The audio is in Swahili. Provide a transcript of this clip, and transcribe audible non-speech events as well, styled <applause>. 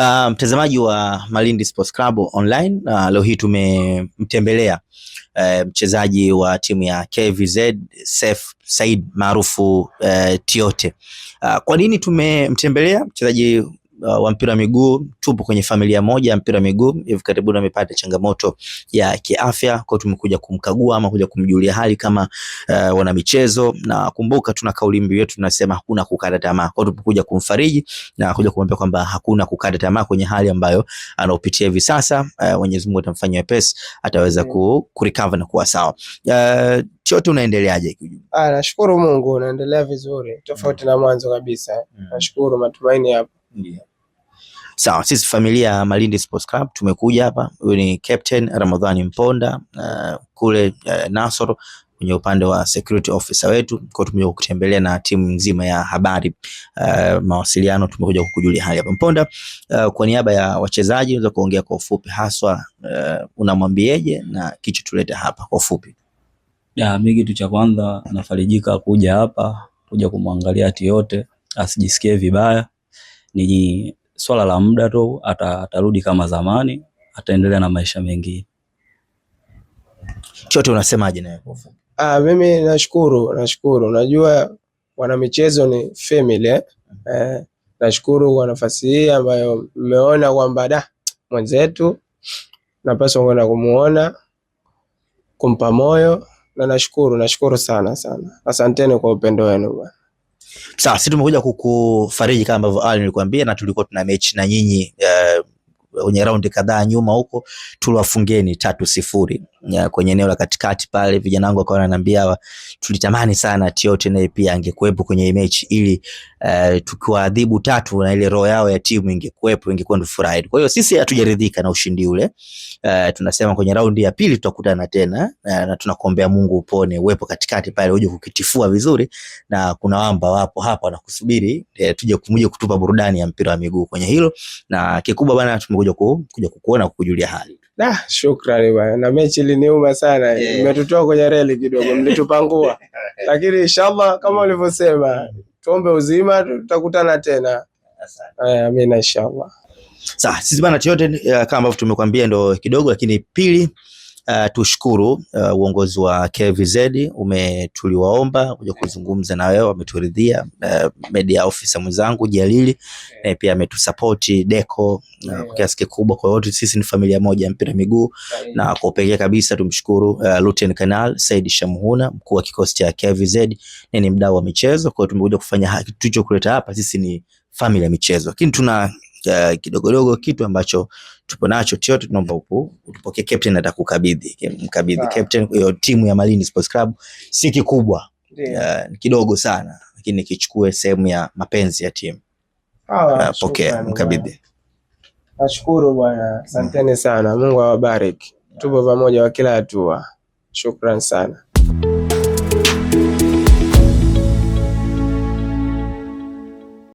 Ah, mtazamaji um, wa Malindi Sports Club online uh, leo hii tumemtembelea eh, mchezaji wa timu ya KVZ Seif Said maarufu uh, Tiote. Uh, kwa nini tumemtembelea mchezaji uh, wa mpira miguu tupo kwenye familia moja ya mpira miguu. Hivi karibuni amepata changamoto ya kiafya, kwa tumekuja kumkagua ama kuja kumjulia hali kama uh, wana michezo, na kumbuka tuna kauli mbiu yetu tunasema hakuna kukata tamaa, kwa tumekuja kumfariji na kuja kumwambia kwamba hakuna kukata tamaa kwenye hali ambayo anaopitia hivi sasa. Uh, Mwenyezi Mungu atamfanyia wepesi, ataweza mm. ku recover na kuwa sawa. Uh, chote unaendeleaje? Ah, nashukuru Mungu, naendelea vizuri tofauti mm. na mwanzo kabisa mm. nashukuru, matumaini yapo ndio. Sawa, sisi familia ya Malindi Sports Club tumekuja hapa. Huyu ni Captain Ramadhani Mponda uh, kule uh, Nasoro kwenye upande wa security officer wetu, kwa tumekuja kutembelea na timu nzima ya habari uh, mawasiliano, tumekuja kukujulia hali hapa. Mponda, uh, kwa niaba ya wachezaji unaweza kuongea kwa ufupi haswa, uh, unamwambieje na kicho tulete hapa kwa ufupi? Ya, mimi kitu cha kwanza nafarijika kuja hapa kuja kumwangalia ati yote asijisikie vibaya ni swala la muda tu, atarudi kama zamani, ataendelea na maisha mengine. Chote unasemaje naye? Ah, mimi nashukuru, nashukuru. Najua wanamichezo ni family eh? Eh, nashukuru kwa nafasi hii ambayo mmeona kwamba da mwenzetu napaswa kwenda kumuona kumpa moyo, na nashukuru, nashukuru sana sana, asanteni kwa upendo wenu bwana. Sasa sisi tumekuja kukufariji kama ambavyo Ali nilikwambia, na tulikuwa tuna mechi na nyinyi uh, kwenye raundi kadhaa nyuma huko tuliwafungeni tatu sifuri eh, kwenye eneo la katikati pale, vijana wangu wakawa wananiambia tulitamani sana Tiote naye pia angekuwepo kwenye mechi ili uh, tukiwaadhibu tatu na ile roho yao ya timu ingekuwepo ingekuwa ndio furahi. Kwa hiyo sisi hatujaridhika na ushindi ule. Uh, tunasema kwenye raundi ya pili tutakutana tena uh, na tunakuombea Mungu upone uwepo katikati pale uje kukitifua vizuri, na kuna wamba wapo hapa na kusubiri uh, tuje kumuje kutupa burudani ya mpira wa miguu kwenye hilo, na kikubwa bana tumekuja kuja kuja kukuona kukujulia hali. Nah, shukrani bwana. Na mechi iliniuma sana. Eh. Mmetutoa yeah, kwenye reli kidogo, eh. mlitupangua. <laughs> Lakini inshallah kama ulivyosema, tuombe uzima tutakutana tena. Asante. Eh, amina inshallah. Sasa sisi bana chote kama ambavyo tumekwambia ndo kidogo, lakini pili Uh, tushukuru uh, uongozi wa KVZ umetuliwaomba kuja kuzungumza na wewe, wameturidhia. Uh, media officer mwenzangu Jalili uh, pia ametusupport Deco uh, kwa kiasi kikubwa. Kwa hiyo sisi ni familia moja ya mpira miguu, na kwa upekee kabisa tumshukuru uh, Luteni Kanal Said Shamhuna, mkuu wa kikosi cha KVZ, ni mdau wa michezo. Kwa hiyo tumekuja kufanya hiki tulichokuleta hapa, sisi ni familia ya michezo, lakini tuna kidogodogo kitu ambacho tupo nacho tiote, tunaomba utupokee captain, atakukabidhi mkabidhi captain hiyo timu ya Malindi Sports Club. Si kikubwa uh, kidogo sana, lakini kichukue sehemu ya mapenzi ya timu. Uh, pokea mkabidhi. Nashukuru bwana, asanteni sana. Mungu awabariki, tupo pamoja wa kila hatua. Shukran sana.